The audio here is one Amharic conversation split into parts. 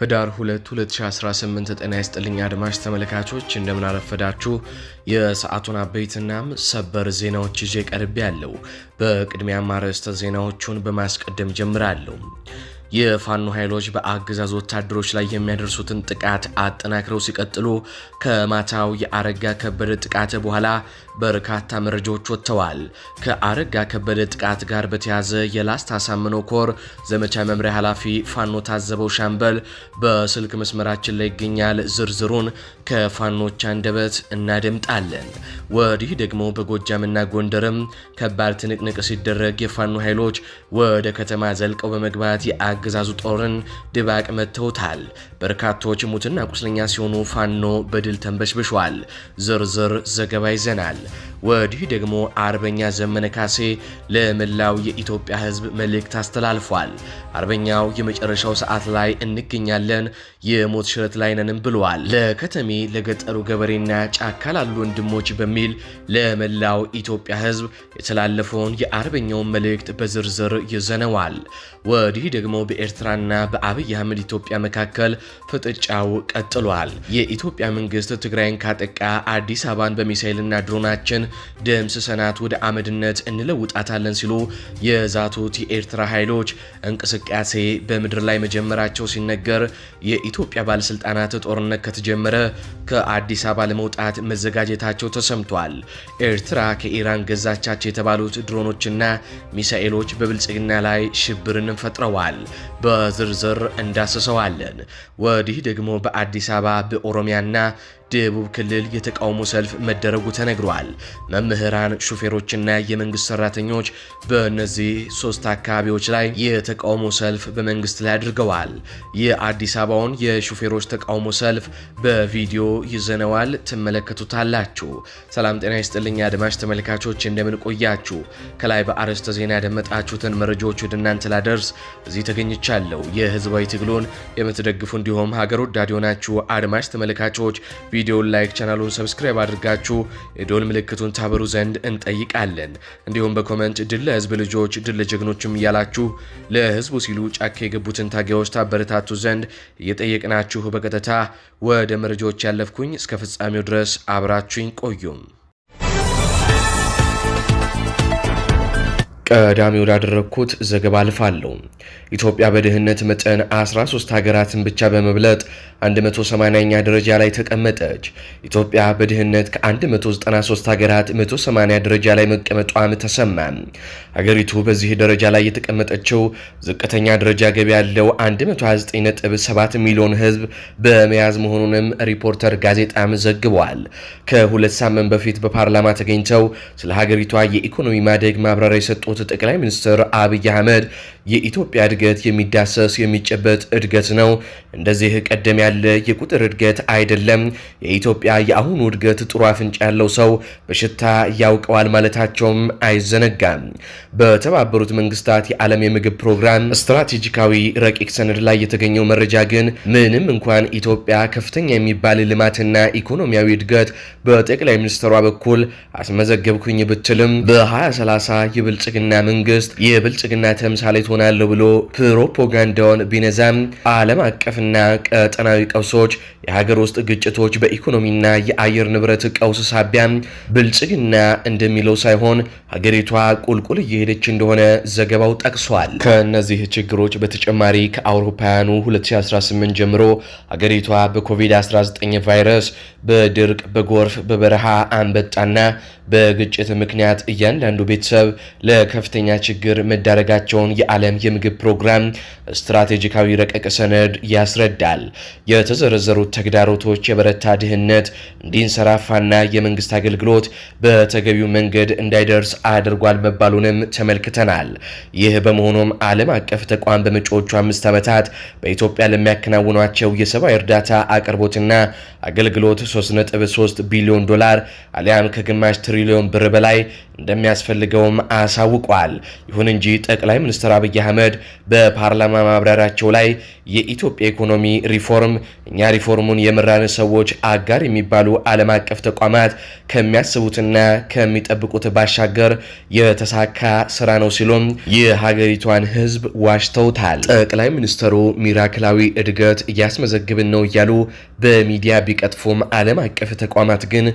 ህዳር 2 2018 ጤና ይስጥልኝ አድማጭ ተመልካቾች፣ አረፈዳችሁ። የሰዓቱን አበይትና ሰበር ዜናዎች ይዤ ቀርቤ ያለው። በቅድሚያ አርዕስተ ዜናዎቹን በማስቀደም ጀምራለሁ። የፋኖ ኃይሎች በአገዛዝ ወታደሮች ላይ የሚያደርሱትን ጥቃት አጠናክረው ሲቀጥሉ ከማታው የአረጋ ከበደ ጥቃት በኋላ በርካታ መረጃዎች ወጥተዋል። ከአረጋ ከበደ ጥቃት ጋር በተያዘ የላስታ አሳምኖ ኮር ዘመቻ መምሪያ ኃላፊ ፋኖ ታዘበው ሻምበል በስልክ መስመራችን ላይ ይገኛል። ዝርዝሩን ከፋኖች አንደበት እናደምጣለን። ወዲህ ደግሞ በጎጃምና ጎንደርም ከባድ ትንቅንቅ ሲደረግ የፋኖ ኃይሎች ወደ ከተማ ዘልቀው በመግባት የአገዛዙ ጦርን ድባቅ መጥተውታል። በርካቶች ሙትና ቁስለኛ ሲሆኑ ፋኖ በድል ተንበሽብሿል። ዝርዝር ዘገባ ይዘናል። ወዲህ ደግሞ አርበኛ ዘመነ ካሴ ለመላው የኢትዮጵያ ሕዝብ መልእክት አስተላልፏል። አርበኛው የመጨረሻው ሰዓት ላይ እንገኛለን የሞት ሽረት ላይ ነንም ብለዋል። ለከተሜ ለገጠሩ ገበሬና ጫካ ላሉ ወንድሞች በሚል ለመላው ኢትዮጵያ ሕዝብ የተላለፈውን የአርበኛውን መልእክት በዝርዝር ይዘነዋል። ወዲህ ደግሞ በኤርትራና በአብይ አህመድ ኢትዮጵያ መካከል ፍጥጫው ቀጥሏል። የኢትዮጵያ መንግስት ትግራይን ካጠቃ አዲስ አበባን በሚሳይልና ድሮናችን ደምስሰናት ወደ አመድነት እንለውጣታለን ሲሉ የዛቱት የኤርትራ ኃይሎች እንቅስቃሴ በምድር ላይ መጀመራቸው ሲነገር የኢትዮጵያ ባለስልጣናት ጦርነት ከተጀመረ ከአዲስ አበባ ለመውጣት መዘጋጀታቸው ተሰምቷል። ኤርትራ ከኢራን ገዛቻቸው የተባሉት ድሮኖችና ሚሳኤሎች በብልጽግና ላይ ሽብርን ፈጥረዋል። በዝርዝር እንዳስሰዋለን። ወዲህ ደግሞ በአዲስ አበባ በኦሮሚያና ደቡብ ክልል የተቃውሞ ሰልፍ መደረጉ ተነግሯል። መምህራን፣ ሹፌሮችና የመንግስት ሰራተኞች በእነዚህ ሶስት አካባቢዎች ላይ የተቃውሞ ሰልፍ በመንግስት ላይ አድርገዋል። የአዲስ አበባውን የሹፌሮች ተቃውሞ ሰልፍ በቪዲዮ ይዘነዋል፣ ትመለከቱታላችሁ። ሰላም ጤና ይስጥልኝ አድማጭ ተመልካቾች፣ እንደምን ቆያችሁ? ከላይ በአርዕስተ ዜና ያደመጣችሁትን መረጃዎች ወደ እናንተ ላደርስ እዚህ ተገኝቻለሁ። የህዝባዊ ትግሉን የምትደግፉ እንዲሁም ሀገር ወዳድ የሆናችሁ አድማጭ ተመልካቾች ቪዲዮ ላይክ፣ ቻናሉን ሰብስክራይብ አድርጋችሁ የዶል ምልክቱን ታበሩ ዘንድ እንጠይቃለን። እንዲሁም በኮመንት ድል ለህዝብ ልጆች፣ ድል ለጀግኖችም እያላችሁ ለህዝቡ ሲሉ ጫካ የገቡትን ታጋዮች ታበረታቱ ዘንድ እየጠየቅናችሁ በቀጥታ ወደ መረጃዎች ያለፍኩኝ፣ እስከ ፍጻሜው ድረስ አብራችሁኝ ቆዩም። ቀዳሚ ወዳደረግኩት ዘገባ አልፋለሁ። ኢትዮጵያ በድህነት መጠን 13 ሀገራትን ብቻ በመብለጥ 180ኛ ደረጃ ላይ ተቀመጠች። ኢትዮጵያ በድህነት ከ193 ሀገራት 180 ደረጃ ላይ መቀመጧም ተሰማ። ሀገሪቱ በዚህ ደረጃ ላይ የተቀመጠችው ዝቅተኛ ደረጃ ገቢ ያለው 129.7 ሚሊዮን ህዝብ በመያዝ መሆኑንም ሪፖርተር ጋዜጣም ዘግቧል። ከሁለት ሳምንት በፊት በፓርላማ ተገኝተው ስለ ሀገሪቷ የኢኮኖሚ ማደግ ማብራሪያ የሰጡት ያሉት ጠቅላይ ሚኒስትር አብይ አህመድ የኢትዮጵያ እድገት የሚዳሰስ የሚጨበጥ እድገት ነው፣ እንደዚህ ቀደም ያለ የቁጥር እድገት አይደለም። የኢትዮጵያ የአሁኑ እድገት ጥሩ አፍንጫ ያለው ሰው በሽታ ያውቀዋል ማለታቸውም አይዘነጋም። በተባበሩት መንግስታት የዓለም የምግብ ፕሮግራም ስትራቴጂካዊ ረቂቅ ሰነድ ላይ የተገኘው መረጃ ግን ምንም እንኳን ኢትዮጵያ ከፍተኛ የሚባል ልማትና ኢኮኖሚያዊ እድገት በጠቅላይ ሚኒስትሯ በኩል አስመዘገብኩኝ ብትልም በ2030 የብልጽግና ብልጽግና መንግስት የብልጽግና ተምሳሌት ሆናለሁ ብሎ ፕሮፓጋንዳውን ቢነዛም ዓለም አቀፍና ቀጠናዊ ቀውሶች፣ የሀገር ውስጥ ግጭቶች፣ በኢኮኖሚና የአየር ንብረት ቀውስ ሳቢያ ብልጽግና እንደሚለው ሳይሆን ሀገሪቷ ቁልቁል እየሄደች እንደሆነ ዘገባው ጠቅሷል። ከእነዚህ ችግሮች በተጨማሪ ከአውሮፓውያኑ 2018 ጀምሮ ሀገሪቷ በኮቪድ-19 ቫይረስ፣ በድርቅ፣ በጎርፍ፣ በበረሃ አንበጣና በግጭት ምክንያት እያንዳንዱ ቤተሰብ ለከ ለከፍተኛ ችግር መዳረጋቸውን የዓለም የምግብ ፕሮግራም ስትራቴጂካዊ ረቀቅ ሰነድ ያስረዳል። የተዘረዘሩት ተግዳሮቶች የበረታ ድህነት እንዲንሰራፋና የመንግስት አገልግሎት በተገቢው መንገድ እንዳይደርስ አድርጓል መባሉንም ተመልክተናል። ይህ በመሆኑም ዓለም አቀፍ ተቋም በመጪዎቹ አምስት ዓመታት በኢትዮጵያ ለሚያከናውኗቸው የሰብአዊ እርዳታ አቅርቦትና አገልግሎት 3.3 ቢሊዮን ዶላር አሊያም ከግማሽ ትሪሊዮን ብር በላይ እንደሚያስፈልገውም አሳውቋል። ይሁን እንጂ ጠቅላይ ሚኒስትር አብይ አህመድ በፓርላማ ማብራሪያቸው ላይ የኢትዮጵያ ኢኮኖሚ ሪፎርም እኛ ሪፎርሙን የምራን ሰዎች አጋር የሚባሉ ዓለም አቀፍ ተቋማት ከሚያስቡትና ከሚጠብቁት ባሻገር የተሳካ ስራ ነው ሲሉም የሀገሪቷን ሕዝብ ዋሽተውታል። ጠቅላይ ሚኒስትሩ ሚራክላዊ እድገት እያስመዘግብን ነው እያሉ በሚዲያ ቢቀጥፉም ዓለም አቀፍ ተቋማት ግን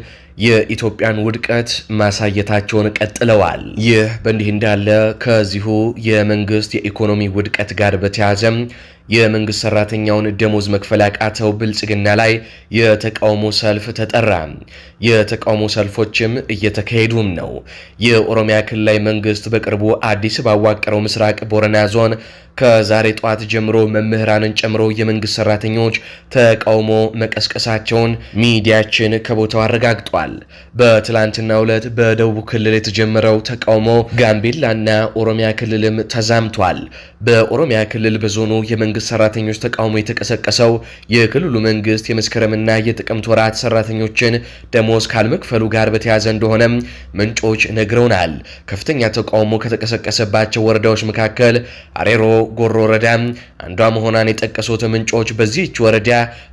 የኢትዮጵያን ውድቀት ማሳየታቸውን ቀጥለዋል። ይህ በእንዲህ እንዳለ ከዚሁ የመንግስት የኢኮኖሚ ውድቀት ጋር በተያያዘ የመንግስት ሰራተኛውን ደሞዝ መክፈል ያቃተው ብልጽግና ላይ የተቃውሞ ሰልፍ ተጠራ። የተቃውሞ ሰልፎችም እየተካሄዱም ነው። የኦሮሚያ ክልላዊ መንግስት በቅርቡ አዲስ ባዋቀረው ምስራቅ ቦረና ዞን ከዛሬ ጠዋት ጀምሮ መምህራንን ጨምሮ የመንግስት ሰራተኞች ተቃውሞ መቀስቀሳቸውን ሚዲያችን ከቦታው አረጋግጧል። በትላንትናው ዕለት በደቡብ ክልል የተጀመረው ተቃውሞ ጋምቤላና ኦሮሚያ ክልልም ተዛምቷል። በኦሮሚያ ክልል በዞኑ የመንግስት የመንግስት ሰራተኞች ተቃውሞ የተቀሰቀሰው የክልሉ መንግስት የመስከረምና የጥቅምት ወራት ሰራተኞችን ደሞዝ ካልመክፈሉ ጋር በተያያዘ እንደሆነ ምንጮች ነግረውናል። ከፍተኛ ተቃውሞ ከተቀሰቀሰባቸው ወረዳዎች መካከል አሬሮ ጎሮ ወረዳ አንዷ መሆኗን የጠቀሱት ምንጮች በዚህች ወረዳ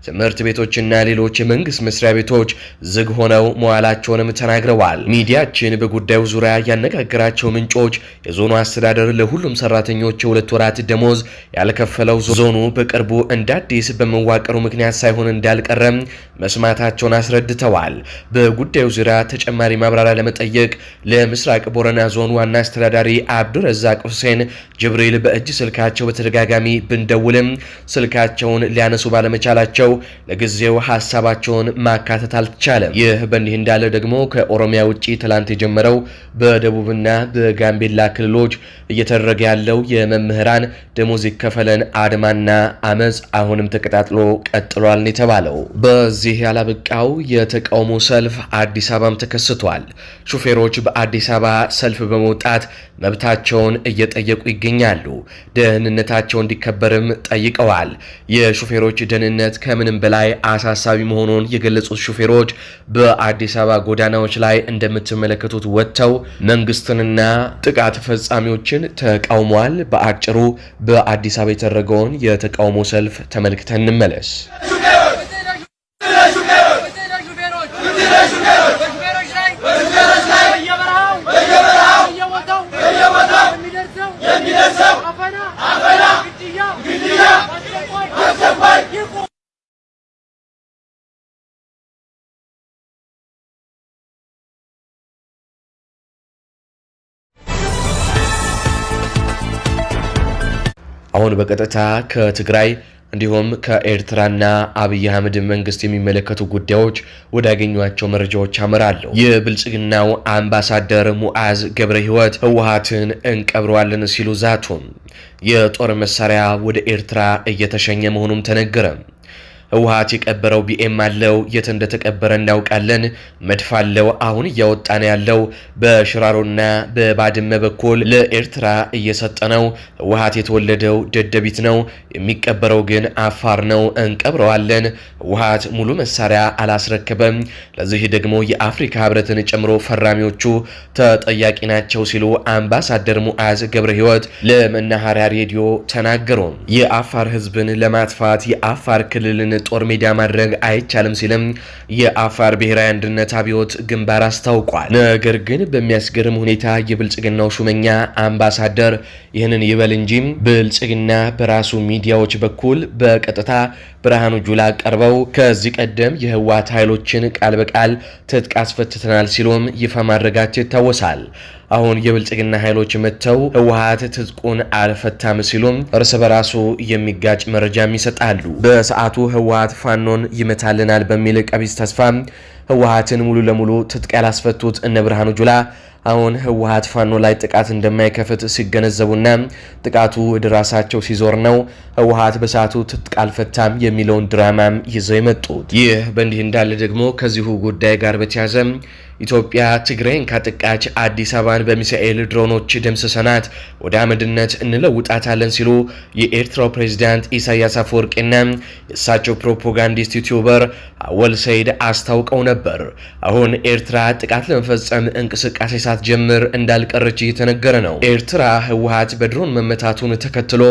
ትምህርት ቤቶችና ሌሎች የመንግስት መስሪያ ቤቶች ዝግ ሆነው መዋላቸውንም ተናግረዋል። ሚዲያችን በጉዳዩ ዙሪያ ያነጋገራቸው ምንጮች የዞኑ አስተዳደር ለሁሉም ሰራተኞች የሁለት ወራት ደሞዝ ያልከፈለው ዞኑ በቅርቡ እንደ አዲስ በመዋቀሩ ምክንያት ሳይሆን እንዳልቀረም መስማታቸውን አስረድተዋል። በጉዳዩ ዙሪያ ተጨማሪ ማብራሪያ ለመጠየቅ ለምስራቅ ቦረና ዞን ዋና አስተዳዳሪ አብዱረዛቅ ሁሴን ጅብሪል በእጅ ስልካቸው በተደጋጋሚ ብንደውልም ስልካቸውን ሊያነሱ ባለመቻላቸው ለጊዜው ሀሳባቸውን ማካተት አልተቻለም። ይህ በእንዲህ እንዳለ ደግሞ ከኦሮሚያ ውጭ ትላንት የጀመረው በደቡብና በጋምቤላ ክልሎች እየተደረገ ያለው የመምህራን ደሞዝ ይከፈለን አድማ አድማና አመፅ አሁንም ተቀጣጥሎ ቀጥሏል ነው የተባለው። በዚህ ያላበቃው የተቃውሞ ሰልፍ አዲስ አበባም ተከስቷል። ሹፌሮች በአዲስ አበባ ሰልፍ በመውጣት መብታቸውን እየጠየቁ ይገኛሉ። ደህንነታቸው እንዲከበርም ጠይቀዋል። የሹፌሮች ደህንነት ከምንም በላይ አሳሳቢ መሆኑን የገለጹት ሹፌሮች በአዲስ አበባ ጎዳናዎች ላይ እንደምትመለከቱት ወጥተው መንግስትንና ጥቃት ፈጻሚዎችን ተቃውሟል። በአጭሩ በአዲስ አበባ የተደረገውን የተካሄደውን የተቃውሞ ሰልፍ ተመልክተን እንመለስ። አሁን በቀጥታ ከትግራይ እንዲሁም ከኤርትራና አብይ አህመድ መንግስት የሚመለከቱ ጉዳዮች ወዳገኟቸው መረጃዎች አመራለሁ። የብልጽግናው አምባሳደር ሙዓዝ ገብረ ህይወት ህወሀትን እንቀብረዋለን ሲሉ ዛቱም የጦር መሳሪያ ወደ ኤርትራ እየተሸኘ መሆኑም ተነገረ። ህወሓት የቀበረው ቢኤም አለው። የት እንደተቀበረ እናውቃለን። መድፍ አለው። አሁን እያወጣ ነው ያለው። በሽራሮና በባድመ በኩል ለኤርትራ እየሰጠ ነው። ህወሓት የተወለደው ደደቢት ነው፣ የሚቀበረው ግን አፋር ነው። እንቀብረዋለን። ህወሓት ሙሉ መሳሪያ አላስረከበም። ለዚህ ደግሞ የአፍሪካ ህብረትን ጨምሮ ፈራሚዎቹ ተጠያቂ ናቸው ሲሉ አምባሳደር ሙዓዝ ገብረ ህይወት ለመናኸሪያ ሬዲዮ ተናገሩ። የአፋር ህዝብን ለማጥፋት የአፋር ክልልን ጦር ሜዳ ማድረግ አይቻልም ሲልም የአፋር ብሔራዊ አንድነት አብዮት ግንባር አስታውቋል። ነገር ግን በሚያስገርም ሁኔታ የብልጽግናው ሹመኛ አምባሳደር ይህንን ይበል እንጂ ብልጽግና በራሱ ሚዲያዎች በኩል በቀጥታ ብርሃኑ ጁላ ቀርበው ከዚህ ቀደም የህወሓት ኃይሎችን ቃል በቃል ትጥቅ አስፈትተናል ሲሉም ይፋ ማድረጋቸው ይታወሳል። አሁን የብልጽግና ኃይሎች መጥተው ህወሓት ትጥቁን አልፈታም ሲሉም እርስ በራሱ የሚጋጭ መረጃም ይሰጣሉ። በሰዓቱ ህወሓት ፋኖን ይመታልናል በሚል ቀቢስ ተስፋ ህወሓትን ሙሉ ለሙሉ ትጥቅ ያላስፈቱት እነ ብርሃኑ ጁላ አሁን ህወሀት ፋኖ ላይ ጥቃት እንደማይከፍት ሲገነዘቡና ጥቃቱ ወደ ራሳቸው ሲዞር ነው ህወሀት በሰዓቱ ትጥቅ አልፈታም የሚለውን ድራማም ይዘው የመጡት። ይህ በእንዲህ እንዳለ ደግሞ ከዚሁ ጉዳይ ጋር በተያዘ ኢትዮጵያ ትግራይን ካጠቃች አዲስ አበባን በሚሳኤል ድሮኖች ደምስሰናት ወደ አመድነት እንለውጣታለን ሲሉ የኤርትራው ፕሬዚዳንት ኢሳያስ አፈወርቂና የእሳቸው ፕሮፓጋንዲስት ዩቲዩበር አወል ሰይድ አስታውቀው ነበር። አሁን ኤርትራ ጥቃት ለመፈጸም እንቅስቃሴ ሳት ሳትጀምር እንዳልቀረች እየተነገረ ነው። ኤርትራ ህወሀት በድሮን መመታቱን ተከትሎ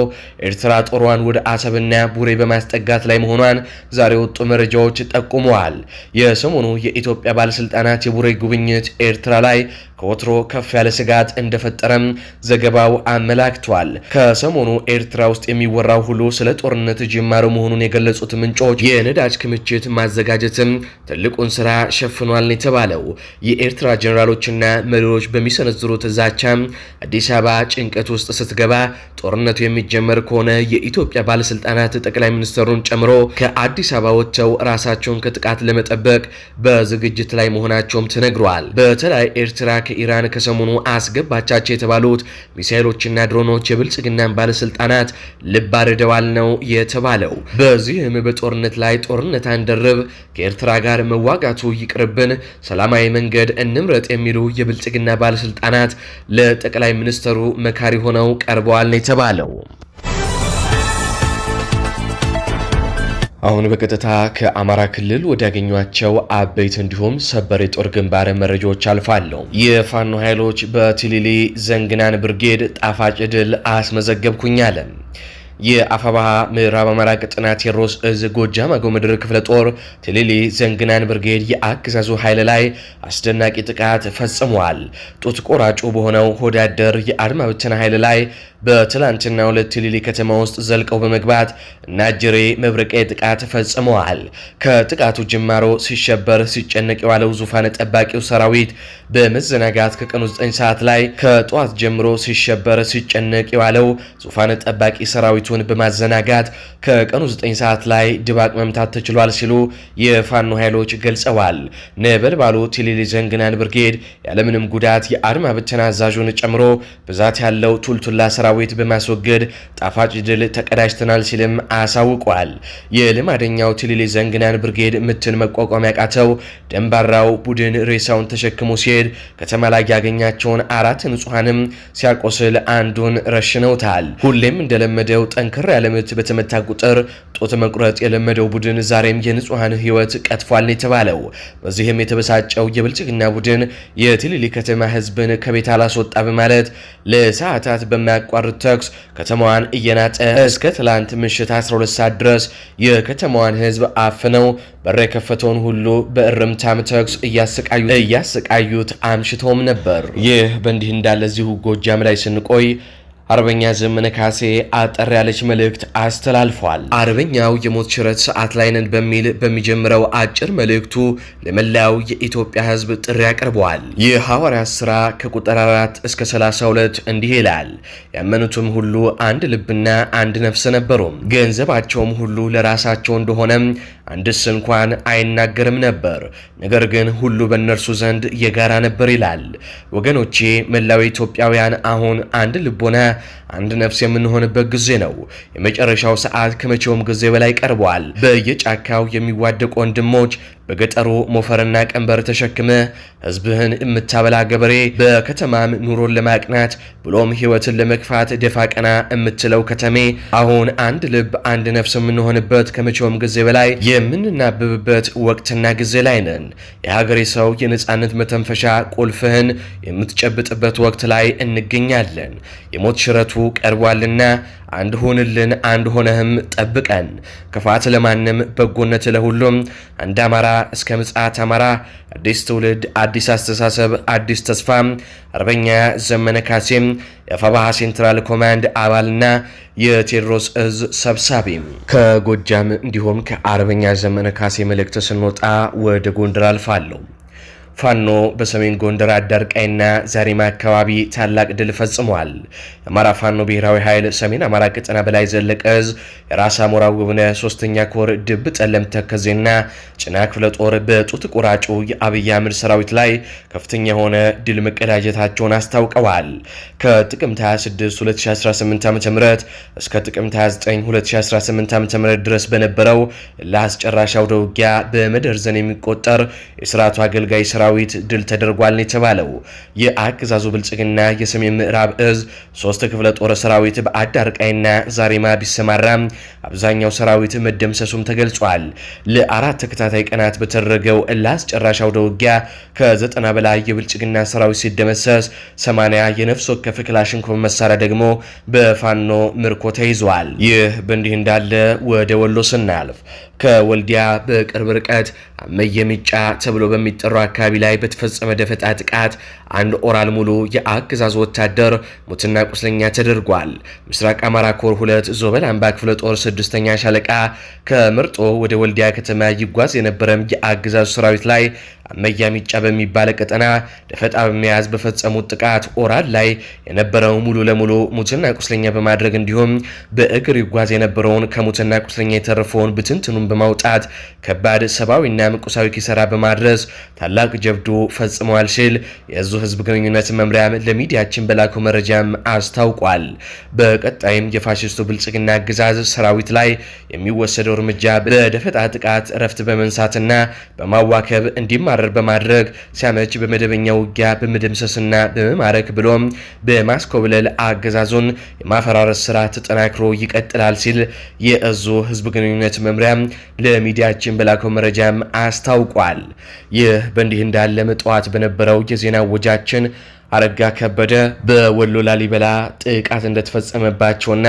ኤርትራ ጦሯን ወደ አሰብና ቡሬ በማስጠጋት ላይ መሆኗን ዛሬ ወጡ መረጃዎች ጠቁመዋል። የሰሞኑ የኢትዮጵያ ባለስልጣናት የቡሬ ጉብኝት ኤርትራ ላይ ከወትሮ ከፍ ያለ ስጋት እንደፈጠረም ዘገባው አመላክቷል። ከሰሞኑ ኤርትራ ውስጥ የሚወራው ሁሉ ስለ ጦርነት ጅማሮ መሆኑን የገለጹት ምንጮች የነዳጅ ክምችት ማዘጋጀትም ትልቁን ስራ ሸፍኗል የተባለው የኤርትራ ጀኔራሎችና መሪዎች ኃይሎች በሚሰነዝሩት ዛቻ አዲስ አበባ ጭንቀት ውስጥ ስትገባ ጦርነቱ የሚጀመር ከሆነ የኢትዮጵያ ባለስልጣናት ጠቅላይ ሚኒስትሩን ጨምሮ ከአዲስ አበባ ወጥተው ራሳቸውን ከጥቃት ለመጠበቅ በዝግጅት ላይ መሆናቸውም ተነግሯል። በተለይ ኤርትራ ከኢራን ከሰሞኑ አስገባቻቸው የተባሉት ሚሳይሎችና ድሮኖች የብልጽግናን ባለስልጣናት ልብ አርደዋል ነው የተባለው። በዚህም በጦርነት ላይ ጦርነት አንደርብ፣ ከኤርትራ ጋር መዋጋቱ ይቅርብን፣ ሰላማዊ መንገድ እንምረጥ የሚሉ የብልጽግ የብልጽግና ባለስልጣናት ለጠቅላይ ሚኒስትሩ መካሪ ሆነው ቀርበዋል ነው የተባለው። አሁን በቀጥታ ከአማራ ክልል ወዳገኟቸው አበይት እንዲሁም ሰበር የጦር ግንባር መረጃዎች አልፋለሁ። የፋኖ ኃይሎች በትሊሊ ዘንግናን ብርጌድ ጣፋጭ ድል አስመዘገብኩኝ አለም የአፋባሃ ምዕራብ አማራ ቅጥና ቴዎድሮስ እዝ ጎጃም አገው ምድር ክፍለ ጦር ትልሌ ዘንግናን ብርጌድ የአገዛዙ ኃይል ላይ አስደናቂ ጥቃት ፈጽሟል። ጡት ቆራጩ በሆነው ሆዳደር የአድማ ብተና ኃይል ላይ በትላንትና ሁለት ትልሌ ከተማ ውስጥ ዘልቀው በመግባት ናጅሬ መብረቂያ ጥቃት ፈጽመዋል። ከጥቃቱ ጅማሮ ሲሸበር ሲጨነቅ የዋለው ዙፋን ጠባቂው ሰራዊት በመዘናጋት ከቀኑ 9 ሰዓት ላይ ከጠዋት ጀምሮ ሲሸበር ሲጨነቅ የዋለው ዙፋን ጠባቂ ሰራዊት ኃይሎቹን በማዘናጋት ከቀኑ 9 ሰዓት ላይ ድባቅ መምታት ተችሏል ሲሉ የፋኖ ኃይሎች ገልጸዋል። ነበልባሉ ቲሊሊ ዘንግናን ብርጌድ ያለምንም ጉዳት የአድማ ብተና አዛዡን ጨምሮ ብዛት ያለው ቱልቱላ ሰራዊት በማስወገድ ጣፋጭ ድል ተቀዳጅተናል ሲልም አሳውቋል። የልማደኛው ቲሊሊ ዘንግናን ብርጌድ ምትን መቋቋም ያቃተው ደንባራው ቡድን ሬሳውን ተሸክሞ ሲሄድ ከተማ ላይ ያገኛቸውን አራት ንጹሐንም ሲያቆስል አንዱን ረሽነውታል። ሁሌም እንደለመደው ጠንከር ያለ ምት በተመታ ቁጥር ጡት መቁረጥ የለመደው ቡድን ዛሬም የንጹሐን ህይወት ቀጥፏል የተባለው። በዚህም የተበሳጨው የብልጽግና ቡድን የትልሊ ከተማ ህዝብን ከቤት አላስወጣ በማለት ለሰዓታት በማያቋርጥ ተኩስ ከተማዋን እየናጠ እስከ ትላንት ምሽት 12 ሰዓት ድረስ የከተማዋን ህዝብ አፍነው በር የከፈተውን ሁሉ በእርምታም ተኩስ እያሰቃዩት አምሽተውም ነበር። ይህ በእንዲህ እንዳለ እዚሁ ጎጃም ላይ ስንቆይ አርበኛ ዘመነ ካሴ አጠር ያለች መልእክት አስተላልፏል። አርበኛው የሞት ሽረት ሰዓት ላይ ነን በሚል በሚጀምረው አጭር መልእክቱ ለመላው የኢትዮጵያ ሕዝብ ጥሪ አቅርበዋል። የሐዋርያት ሥራ ከቁጥር 4 እስከ 32 እንዲህ ይላል። ያመኑትም ሁሉ አንድ ልብና አንድ ነፍስ ነበሩ። ገንዘባቸውም ሁሉ ለራሳቸው እንደሆነም አንድስ እንኳን አይናገርም ነበር። ነገር ግን ሁሉ በእነርሱ ዘንድ የጋራ ነበር ይላል። ወገኖቼ መላው ኢትዮጵያውያን አሁን አንድ ልቦና አንድ ነፍስ የምንሆንበት ጊዜ ነው። የመጨረሻው ሰዓት ከመቼውም ጊዜ በላይ ቀርቧል። በየጫካው የሚዋደቁ ወንድሞች በገጠሩ ሞፈርና ቀንበር ተሸክመ ህዝብህን የምታበላ ገበሬ በከተማም ኑሮን ለማቅናት ብሎም ህይወትን ለመግፋት ደፋ ቀና የምትለው ከተሜ አሁን አንድ ልብ አንድ ነፍስ የምንሆንበት ከመቼውም ጊዜ በላይ የምንናብብበት ወቅትና ጊዜ ላይ ነን። የሀገሬ ሰው የነፃነት መተንፈሻ ቁልፍህን የምትጨብጥበት ወቅት ላይ እንገኛለን። የሞት ሽረቱ ቀርቧልና አንድ ሁንልን፣ አንድ ሆነህም ጠብቀን። ክፋት ለማንም በጎነት ለሁሉም። አንድ አማራ እስከ ምጽአት አማራ። አዲስ ትውልድ፣ አዲስ አስተሳሰብ፣ አዲስ ተስፋ። አርበኛ ዘመነ ካሴም የፈባሃ ሴንትራል ኮማንድ አባልና የቴዎድሮስ እዝ ሰብሳቢ። ከጎጃም እንዲሁም ከአርበኛ ዘመነ ካሴ መልእክት ስንወጣ ወደ ጎንደር አልፋለሁ። ፋኖ በሰሜን ጎንደር አዳርቃይና ዛሬማ አካባቢ ታላቅ ድል ፈጽሟል። የአማራ ፋኖ ብሔራዊ ኃይል ሰሜን አማራ ቀጠና በላይ ዘለቀዝ የራስ አሞራ ውብነ ሶስተኛ ኮር ድብ ጠለም ተከዜና ጭና ክፍለ ጦር በጡት ቁራጩ የአብይ አህመድ ሰራዊት ላይ ከፍተኛ የሆነ ድል መቀዳጀታቸውን አስታውቀዋል። ከጥቅምት 26 2018 ም እስከ ጥቅምት 29 2018 ዓ.ም ድረስ በነበረው ለአስጨራሽ አውደ ውጊያ በመደርዘን የሚቆጠር የስርዓቱ አገልጋይ ስራ ሰራዊት ድል ተደርጓል የተባለው። የአገዛዙ ብልጽግና የሰሜን ምዕራብ እዝ ሶስት ክፍለ ጦር ሰራዊት በአዳርቃይና ዛሬማ ቢሰማራም አብዛኛው ሰራዊት መደምሰሱም ተገልጿል። ለአራት ተከታታይ ቀናት በተደረገው ላስጨራሽ አውደ ውጊያ ከዘጠና በላይ የብልጽግና ሰራዊት ሲደመሰስ 80 የነፍስ ወከፍ ክላሽንኮቭ መሳሪያ ደግሞ በፋኖ ምርኮ ተይዟል። ይህ በእንዲህ እንዳለ ወደ ወሎ ስናልፍ ከወልዲያ በቅርብ ርቀት መየሚጫ ተብሎ በሚጠራው አካባቢ ላይ በተፈጸመ ደፈጣ ጥቃት አንድ ኦራል ሙሉ የአገዛዝ ወታደር ሙትና ቁስለኛ ተደርጓል። ምስራቅ አማራ ኮር ሁለት ዞበል አምባ ክፍለ ጦር ስድስተኛ ሻለቃ ከምርጦ ወደ ወልዲያ ከተማ ይጓዝ የነበረም የአገዛዙ ሰራዊት ላይ አመያ ሚጫ በሚባለ ቀጠና ደፈጣ በመያዝ በፈጸሙት ጥቃት ኦራል ላይ የነበረው ሙሉ ለሙሉ ሙትና ቁስለኛ በማድረግ እንዲሁም በእግር ይጓዝ የነበረውን ከሙትና ቁስለኛ የተረፈውን ብትንትኑን በማውጣት ከባድ ሰብአዊና ምቁሳዊ ኪሰራ በማድረስ ታላቅ ጀብዱ ፈጽመዋል ሲል የዙ ህዝብ ግንኙነት መምሪያም ለሚዲያችን በላከው መረጃም አስታውቋል። በቀጣይም የፋሽስቱ ብልጽግና አገዛዝ ሰራዊት ላይ የሚወሰደው እርምጃ በደፈጣ ጥቃት እረፍት በመንሳትና በማዋከብ እንዲማ እንዲባረር በማድረግ ሲያመች በመደበኛ ውጊያ በመደምሰስና በመማረክ ብሎም በማስኮብለል አገዛዙን የማፈራረስ ስራ ተጠናክሮ ይቀጥላል ሲል የእዙ ህዝብ ግንኙነት መምሪያ ለሚዲያችን በላከው መረጃም አስታውቋል። ይህ በእንዲህ እንዳለም ጠዋት በነበረው የዜና ወጃችን አረጋ ከበደ በወሎ ላሊበላ ጥቃት እንደተፈጸመባቸውና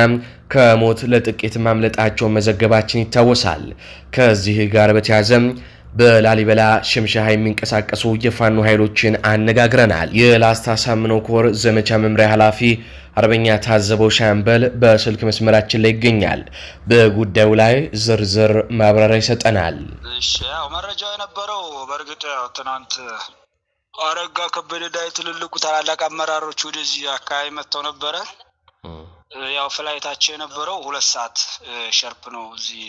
ከሞት ለጥቂት ማምለጣቸው መዘገባችን ይታወሳል። ከዚህ ጋር በተያያዘ በላሊበላ ሽምሻሃ የሚንቀሳቀሱ የፋኖ ኃይሎችን አነጋግረናል። የላስታ ሳምኖ ኮር ዘመቻ መምሪያ ኃላፊ አርበኛ ታዘበው ሻምበል በስልክ መስመራችን ላይ ይገኛል። በጉዳዩ ላይ ዝርዝር ማብራሪያ ይሰጠናል። እሺ ያው መረጃው የነበረው በእርግጥ ያው ትናንት አረጋ ከበደ ዳይ ትልልቁ ታላላቅ አመራሮች ወደዚህ አካባቢ መጥተው ነበረ ያው ፍላይታቸው የነበረው ሁለት ሰዓት ሸርፕ ነው። እዚህ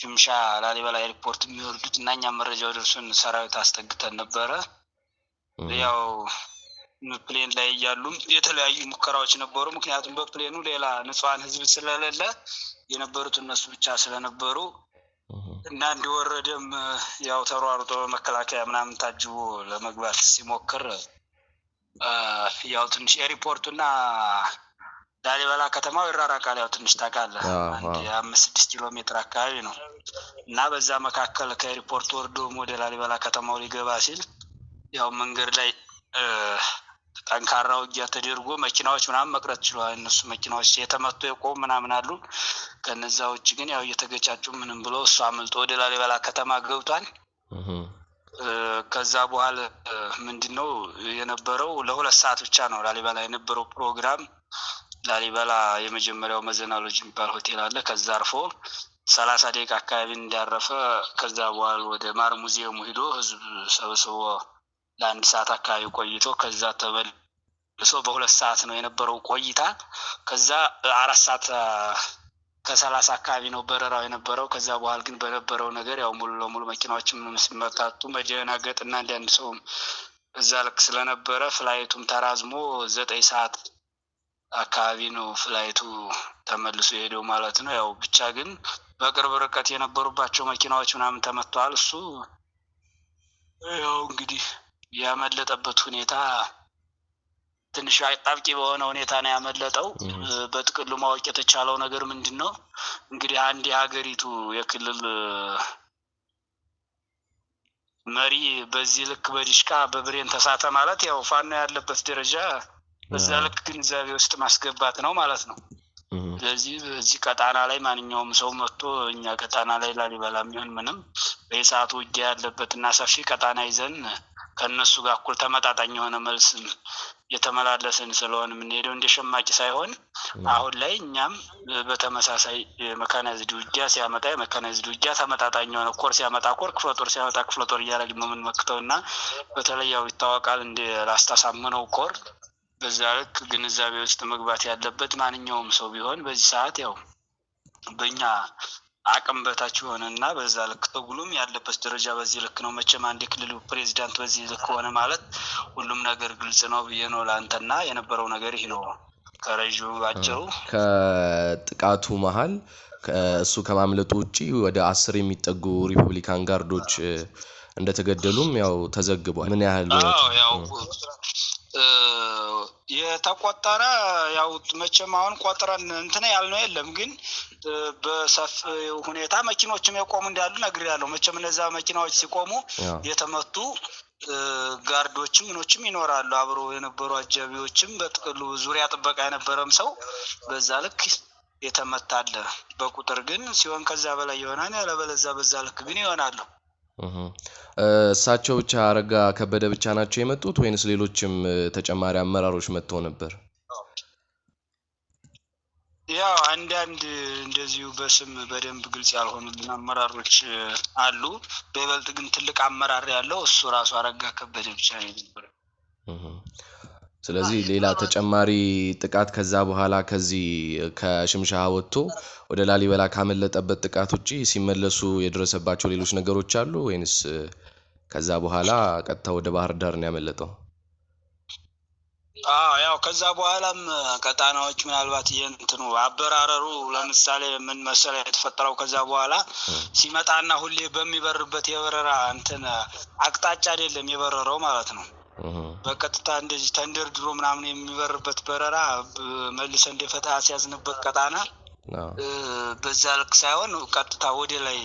ሽምሻ ላሊበላ ኤርፖርት የሚወርዱት እና እኛም መረጃው ደርሶን ሰራዊት አስጠግተን ነበረ። ያው ፕሌን ላይ እያሉም የተለያዩ ሙከራዎች ነበሩ። ምክንያቱም በፕሌኑ ሌላ ንጹሐን ህዝብ ስለሌለ የነበሩት እነሱ ብቻ ስለነበሩ እና እንደወረደም ያው ተሯሩጦ መከላከያ ምናምን ታጅቦ ለመግባት ሲሞክር ያው ትንሽ ኤርፖርቱና ላሊበላ ከተማው ይራራቃል። ያው ትንሽ ታውቃለህ፣ አንድ አምስት ስድስት ኪሎ ሜትር አካባቢ ነው እና በዛ መካከል ከኤርፖርት ወርዶም ወደ ላሊበላ ከተማው ሊገባ ሲል ያው መንገድ ላይ ጠንካራ ውጊያ ተደርጎ መኪናዎች ምናምን መቅረት ችለዋል። እነሱ መኪናዎች የተመቱ የቆሙ ምናምን አሉ። ከነዛ ውጭ ግን ያው እየተገጫጩ ምንም ብሎ እሱ አምልጦ ወደ ላሊበላ ከተማ ገብቷል። ከዛ በኋላ ምንድን ነው የነበረው ለሁለት ሰዓት ብቻ ነው ላሊበላ የነበረው ፕሮግራም ላሊበላ የመጀመሪያው መዘናሎጅ የሚባል ሆቴል አለ። ከዛ አርፎ ሰላሳ ደቂቃ አካባቢ እንዳረፈ ከዛ በኋላ ወደ ማር ሙዚየሙ ሂዶ ህዝብ ሰብስቦ ለአንድ ሰዓት አካባቢ ቆይቶ ከዛ ተመልሶ በሁለት ሰዓት ነው የነበረው ቆይታ። ከዛ አራት ሰዓት ከሰላሳ አካባቢ ነው በረራው የነበረው። ከዛ በኋላ ግን በነበረው ነገር ያው ሙሉ ለሙሉ መኪናዎች ምንም ሲመታቱ መደናገጥ እና አንዳንድ ሰውም እዛ ልክ ስለነበረ ፍላይቱም ተራዝሞ ዘጠኝ ሰዓት አካባቢ ነው ፍላይቱ ተመልሶ የሄደው ማለት ነው። ያው ብቻ ግን በቅርብ ርቀት የነበሩባቸው መኪናዎች ምናምን ተመትተዋል። እሱ ያው እንግዲህ ያመለጠበት ሁኔታ ትንሽ አጣብቂ በሆነ ሁኔታ ነው ያመለጠው። በጥቅሉ ማወቅ የተቻለው ነገር ምንድን ነው እንግዲህ አንድ የሀገሪቱ የክልል መሪ በዚህ ልክ በዲሽቃ በብሬን ተሳተ ማለት ያው ፋኖ ያለበት ደረጃ በዛ ልክ ግንዛቤ ውስጥ ማስገባት ነው ማለት ነው። ስለዚህ በዚህ ቀጣና ላይ ማንኛውም ሰው መጥቶ እኛ ቀጣና ላይ ላሊበላ የሚሆን ምንም በየሰዓቱ ውጊያ ያለበት እና ሰፊ ቀጣና ይዘን ከእነሱ ጋር እኩል ተመጣጣኝ የሆነ መልስ የተመላለስን ስለሆን የምንሄደው እንደ ሸማቂ ሳይሆን አሁን ላይ እኛም በተመሳሳይ መካናይዝድ ውጊያ ሲያመጣ የመካናይዝድ ውጊያ ተመጣጣኝ የሆነ ኮር ሲያመጣ ኮር፣ ክፍለ ጦር ሲያመጣ ክፍለ ጦር እያደረግን ነው የምንመክተው እና በተለይ ያው ይታወቃል እንደ ላስታሳምነው ኮር በዛ ልክ ግንዛቤ ውስጥ መግባት ያለበት ማንኛውም ሰው ቢሆን በዚህ ሰዓት ያው በእኛ አቅም በታች የሆነ እና በዛ ልክ ትግሉም ያለበት ደረጃ በዚህ ልክ ነው። መቼም አንድ የክልሉ ፕሬዚዳንት በዚህ ልክ ሆነ ማለት ሁሉም ነገር ግልጽ ነው ብዬ ነው ለአንተና የነበረው ነገር ይህ ነው። ከረዥሙ ባጭሩ ከጥቃቱ መሀል እሱ ከማምለጡ ውጭ ወደ አስር የሚጠጉ ሪፐብሊካን ጋርዶች እንደተገደሉም ያው ተዘግቧል። ምን ያህል ያው የተቆጠረ ያው መቼም አሁን ቆጥረን እንትን ያልነው የለም፣ ግን በሰፊ ሁኔታ መኪኖችም የቆሙ እንዳሉ ነግሬያለሁ። መቼም እነዚያ መኪናዎች ሲቆሙ የተመቱ ጋርዶችም ምኖችም ይኖራሉ፣ አብሮ የነበሩ አጃቢዎችም፣ በጥቅሉ ዙሪያ ጥበቃ የነበረም ሰው በዛ ልክ የተመታለ በቁጥር ግን ሲሆን ከዛ በላይ ይሆናል። ያለበለዛ በዛ ልክ ግን ይሆናሉ። እሳቸው ብቻ አረጋ ከበደ ብቻ ናቸው የመጡት ወይንስ ሌሎችም ተጨማሪ አመራሮች መጥተው ነበር? ያው አንዳንድ እንደዚሁ በስም በደንብ ግልጽ ያልሆኑልን አመራሮች አሉ። በይበልጥ ግን ትልቅ አመራር ያለው እሱ ራሱ አረጋ ከበደ ብቻ ነው የነበረ። ስለዚህ ሌላ ተጨማሪ ጥቃት ከዛ በኋላ ከዚህ ከሽምሻ ወጥቶ ወደ ላሊበላ ካመለጠበት ጥቃት ውጭ ሲመለሱ የደረሰባቸው ሌሎች ነገሮች አሉ ወይንስ ከዛ በኋላ ቀጥታ ወደ ባህር ዳር ነው ያመለጠው? ያው ከዛ በኋላም ቀጣናዎች ምናልባት የእንትኑ አበራረሩ ለምሳሌ ምን መሰለ የተፈጠረው ከዛ በኋላ ሲመጣና ሁሌ በሚበርበት የበረራ እንትን አቅጣጫ አይደለም የበረረው ማለት ነው። በቀጥታ እንደዚህ ተንደርድሮ ምናምን የሚበርበት በረራ መልሰ እንደፈታ ሲያዝንበት ቀጣና በዛ ልክ ሳይሆን ቀጥታ ወደ ላይ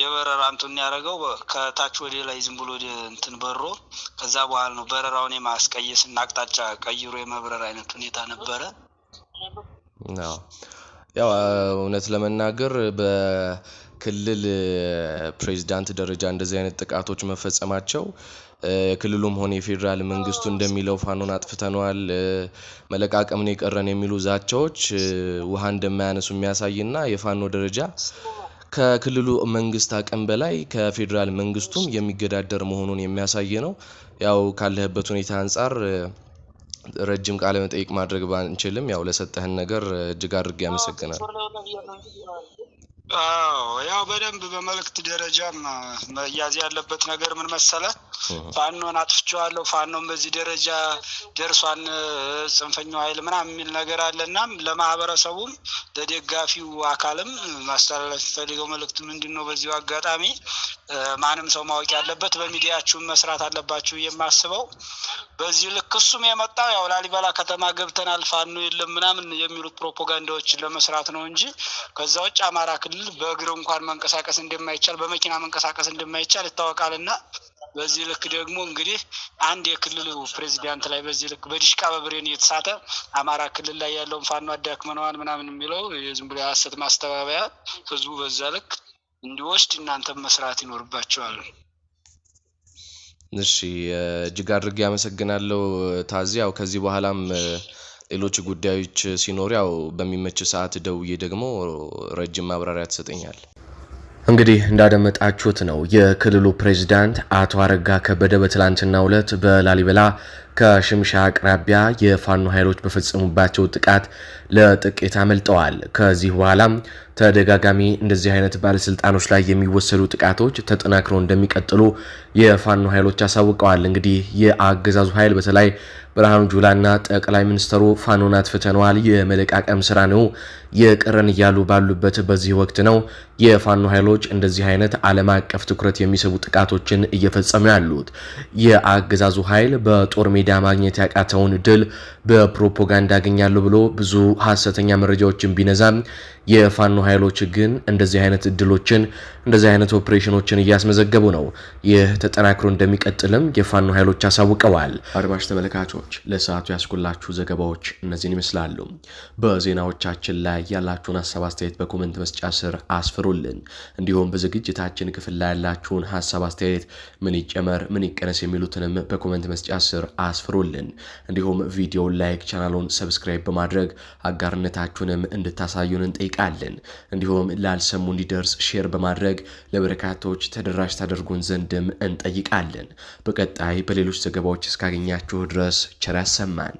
የበረራ እንትን ያደረገው ከታች ወደ ላይ ዝም ብሎ እንትን በሮ ከዛ በኋላ ነው በረራውን የማስቀየስ እና አቅጣጫ ቀይሮ የመብረር አይነት ሁኔታ ነበረ። ያው እውነት ለመናገር ክልል ፕሬዝዳንት ደረጃ እንደዚህ አይነት ጥቃቶች መፈጸማቸው ክልሉም ሆነ የፌዴራል መንግስቱ እንደሚለው ፋኖን አጥፍተነዋል፣ መለቃቀምን የቀረን የሚሉ ዛቻዎች ውሃ እንደማያነሱ የሚያሳይና የፋኖ ደረጃ ከክልሉ መንግስት አቅም በላይ ከፌዴራል መንግስቱም የሚገዳደር መሆኑን የሚያሳይ ነው። ያው ካለህበት ሁኔታ አንጻር ረጅም ቃለ መጠይቅ ማድረግ ባንችልም ያው ለሰጠህን ነገር እጅግ አድርጌ ያመሰግናል። አዎ ያው በደንብ በመልእክት ደረጃም መያዝ ያለበት ነገር ምን መሰለህ ፋኖን አጥፍቼዋለሁ፣ ፋኖን በዚህ ደረጃ ደርሷን ጽንፈኛው ኃይል ምናምን የሚል ነገር አለ። እናም ለማህበረሰቡም ለደጋፊው አካልም ማስተላለፍ ፈልገው መልእክት ምንድን ነው? በዚሁ አጋጣሚ ማንም ሰው ማወቅ ያለበት በሚዲያችሁም መስራት አለባችሁ የማስበው በዚህ ልክ እሱም የመጣው ያው ላሊበላ ከተማ ገብተናል ፋኖ የለም ምናምን የሚሉት ፕሮፓጋንዳዎችን ለመስራት ነው እንጂ ከዛ ውጭ አማራ ክልል በእግር እንኳን መንቀሳቀስ እንደማይቻል በመኪና መንቀሳቀስ እንደማይቻል ይታወቃል እና በዚህ ልክ ደግሞ እንግዲህ አንድ የክልሉ ፕሬዚዳንት ላይ በዚህ ልክ በዲሽቃ በብሬን እየተሳተ አማራ ክልል ላይ ያለውን ፋኖ አዳክመነዋል ምናምን የሚለው የዝም ብሎ የሀሰት ማስተባበያ ህዝቡ በዛ ልክ እንዲወስድ እናንተም መስራት ይኖርባቸዋል። እሺ፣ እጅግ አድርጌ ያመሰግናለሁ ታዚ። ያው ከዚህ በኋላም ሌሎች ጉዳዮች ሲኖሩ ያው በሚመች ሰዓት ደውዬ ደግሞ ረጅም ማብራሪያ ትሰጠኛል። እንግዲህ እንዳደመጣችሁት ነው የክልሉ ፕሬዚዳንት አቶ አረጋ ከበደ በትላንትናው ዕለት በላሊበላ ከሽምሻ አቅራቢያ የፋኖ ኃይሎች በፈጸሙባቸው ጥቃት ለጥቂት አመልጠዋል። ከዚህ በኋላም ተደጋጋሚ እንደዚህ አይነት ባለስልጣኖች ላይ የሚወሰዱ ጥቃቶች ተጠናክረው እንደሚቀጥሉ የፋኖ ኃይሎች አሳውቀዋል። እንግዲህ የአገዛዙ ኃይል በተለይ ብርሃኑ ጁላና ጠቅላይ ሚኒስትሩ ፋኖን አጥፍተነዋል፣ የመለቃቀም ስራ ነው የቀረን እያሉ ባሉበት በዚህ ወቅት ነው የፋኖ ኃይሎች እንደዚህ አይነት ዓለም አቀፍ ትኩረት የሚስቡ ጥቃቶችን እየፈጸሙ ያሉት። የአገዛዙ ኃይል በጦር ሜዳ ማግኘት ያቃተውን ድል በፕሮፓጋንዳ አገኛለሁ ብሎ ብዙ ሀሰተኛ መረጃዎችን ቢነዛም የፋኖ ኃይሎች ግን እንደዚህ አይነት እድሎችን እንደዚህ አይነት ኦፕሬሽኖችን እያስመዘገቡ ነው። ይህ ተጠናክሮ እንደሚቀጥልም የፋኖ ኃይሎች አሳውቀዋል። አድማሽ ተመልካቾች ለሰዓቱ ያስኩላችሁ ዘገባዎች እነዚህን ይመስላሉ። በዜናዎቻችን ላይ ያላችሁን ሀሳብ አስተያየት በኮመንት መስጫ ስር አስፍሩልን። እንዲሁም በዝግጅታችን ክፍል ላይ ያላችሁን ሀሳብ አስተያየት፣ ምን ይጨመር ምን ይቀነስ የሚሉትንም በኮመንት መስጫ ስር አስፍሩልን። እንዲሁም ቪዲዮን ላይክ፣ ቻናሉን ሰብስክራይብ በማድረግ አጋርነታችሁንም እንድታሳዩን እንጠይቃለን። እንጠይቃለን። እንዲሁም ላልሰሙ እንዲደርስ ሼር በማድረግ ለበርካቶች ተደራሽ ታደርጉን ዘንድም እንጠይቃለን። በቀጣይ በሌሎች ዘገባዎች እስካገኛችሁ ድረስ ቸር ያሰማን።